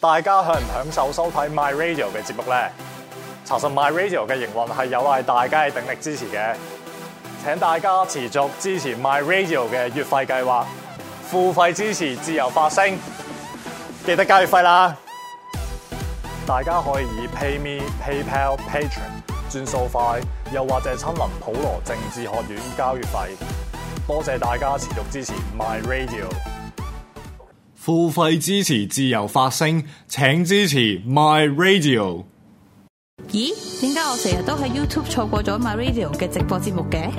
大家享唔享受收睇 My Radio 嘅節目咧？查實 My Radio 嘅營運係有賴大家嘅鼎力支持嘅，請大家持續支持 My Radio 嘅月費計劃，付費支持自由發聲，記得交月費啦！大家可以以 PayMe、PayPal、Patreon 轉數快，又或者親臨普羅政治學院交月費。多謝大家持續支持 My Radio。付費支持自由發聲，請支持 My Radio。咦？點解我成日都喺 YouTube 錯過咗 My Radio 嘅直播節目嘅？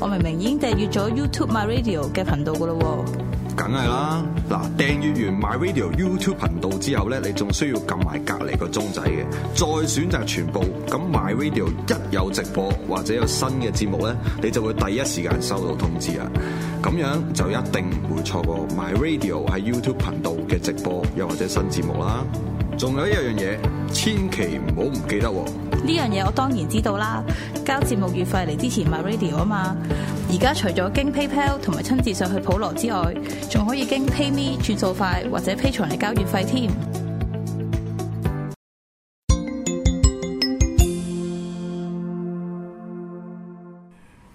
我明明已經訂閱咗 YouTube My Radio 嘅頻道噶啦喎。梗係啦，嗱，訂閱完 My Radio YouTube 頻道之後咧，你仲需要撳埋隔籬個鐘仔嘅，再選擇全部，咁 My Radio 一有直播或者有新嘅節目咧，你就會第一時間收到通知啦！咁樣就一定唔會錯過 My Radio 喺 YouTube 頻道嘅直播又或者新節目啦。仲有一樣嘢，千祈唔好唔記得。呢樣嘢我當然知道啦，交節目月費嚟支持 my radio 啊嘛。而家除咗經 PayPal 同埋親自上去普羅之外，仲可以經 PayMe 轉數快、或者 Pay 傳嚟交月費添。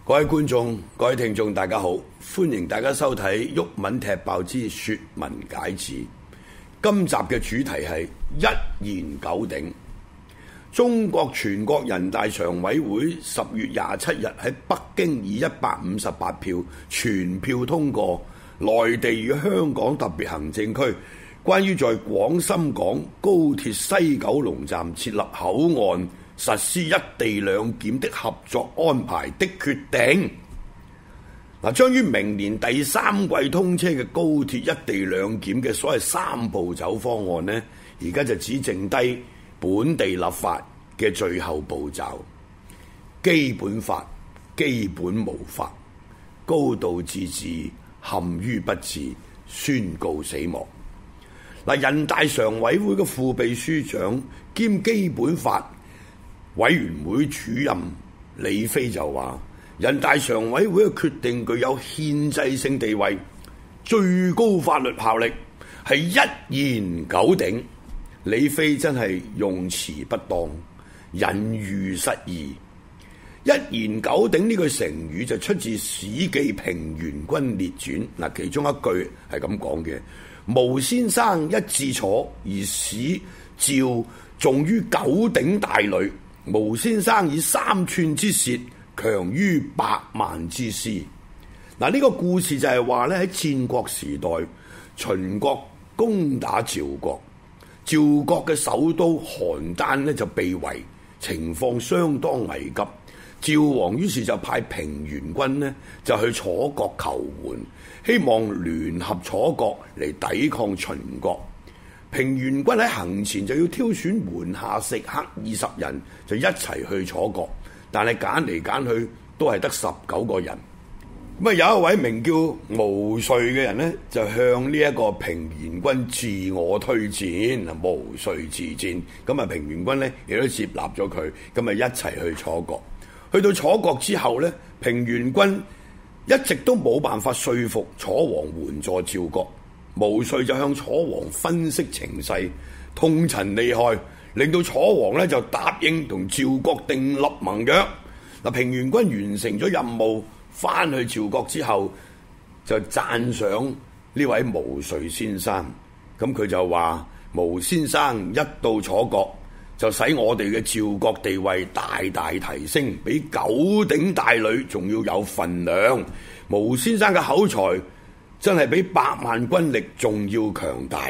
各位觀眾、各位聽眾，大家好，歡迎大家收睇《玉文踢爆之說文解字》。今集嘅主題係一言九鼎。中國全國人大常委會十月廿七日喺北京，以一百五十八票全票通過內地與香港特別行政區關於在廣深港高鐵西九龍站設立口岸實施一地兩檢的合作安排的決定。嗱，將於明年第三季通車嘅高鐵一地兩檢嘅所謂三步走方案呢，而家就只剩低本地立法嘅最後步驟，基本法基本無法，高度自治陷於不治，宣告死亡。嗱，人大常委會嘅副秘書長兼基本法委員會主任李飛就話。人大常委會嘅決定具有憲制性地位，最高法律效力係一言九鼎。李飛真係用詞不當，引喻失義。一言九鼎呢句成語就出自《史記平原君列傳》，嗱，其中一句係咁講嘅：毛先生一字楚，而使趙重於九鼎大呂，毛先生以三寸之舌。強於百萬之師。嗱，呢個故事就係話咧喺戰國時代，秦國攻打趙國，趙國嘅首都邯鄲咧就被圍，情況相當危急。趙王於是就派平原君呢就去楚國求援，希望聯合楚國嚟抵抗秦國。平原君喺行前就要挑選門下食客二十人，就一齊去楚國。但係揀嚟揀去都係得十九個人，咁啊有一位名叫毛遂嘅人呢，就向呢一個平原君自我推薦，毛遂自薦，咁啊平原君呢亦都接納咗佢，咁啊一齊去楚國。去到楚國之後呢，平原君一直都冇辦法說服楚王援助趙國，毛遂就向楚王分析情勢，痛陳利害。令到楚王呢，就答應同趙國訂立盟約。嗱，平原君完成咗任務，翻去趙國之後，就讚賞呢位毛遂先生。咁佢就話：毛先生一到楚國，就使我哋嘅趙國地位大大提升，比九鼎大呂仲要有份量。毛先生嘅口才真係比百萬軍力仲要強大。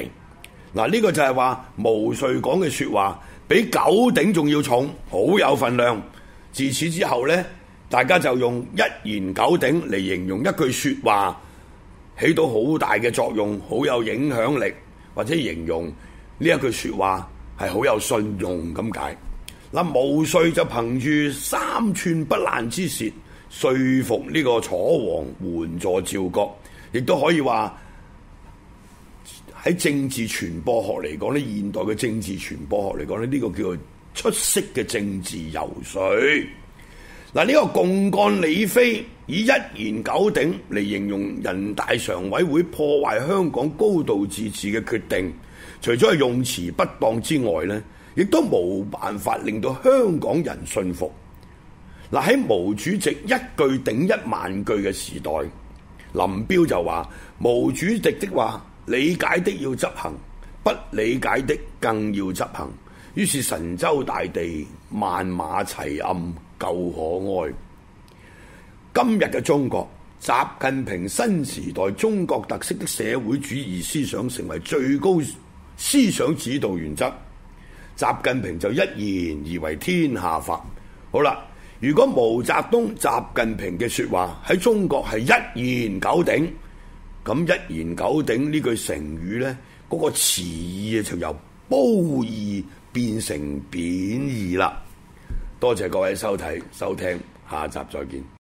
嗱呢個就係話毛遂講嘅説話比九鼎仲要重，好有份量。自此之後呢，大家就用一言九鼎嚟形容一句説話，起到好大嘅作用，好有影響力，或者形容呢一句説話係好有信用咁解。嗱，毛遂就憑住三寸不爛之舌，說服呢個楚王援助趙國，亦都可以話。喺政治傳播學嚟講呢，現代嘅政治傳播學嚟講咧，呢、呢個叫做「出色嘅政治游說」啊。嗱，呢個共幹李飛以一言九鼎嚟形容人大常委會破壞香港高度自治嘅決定，除咗係用詞不當之外呢，亦都冇辦法令到香港人信服。嗱、啊，喺毛主席一句頂一萬句嘅時代，林彪就話毛主席的話。理解的要執行，不理解的更要執行。於是神州大地萬馬齊喑，夠可愛。今日嘅中國，習近平新時代中國特色的社會主義思想成為最高思想指導原則。習近平就一言而為天下法。好啦，如果毛澤東、習近平嘅説話喺中國係一言九鼎。咁一言九鼎呢句成語咧，嗰、那個詞義就由褒義變成貶義啦。多謝各位收睇收聽，下集再見。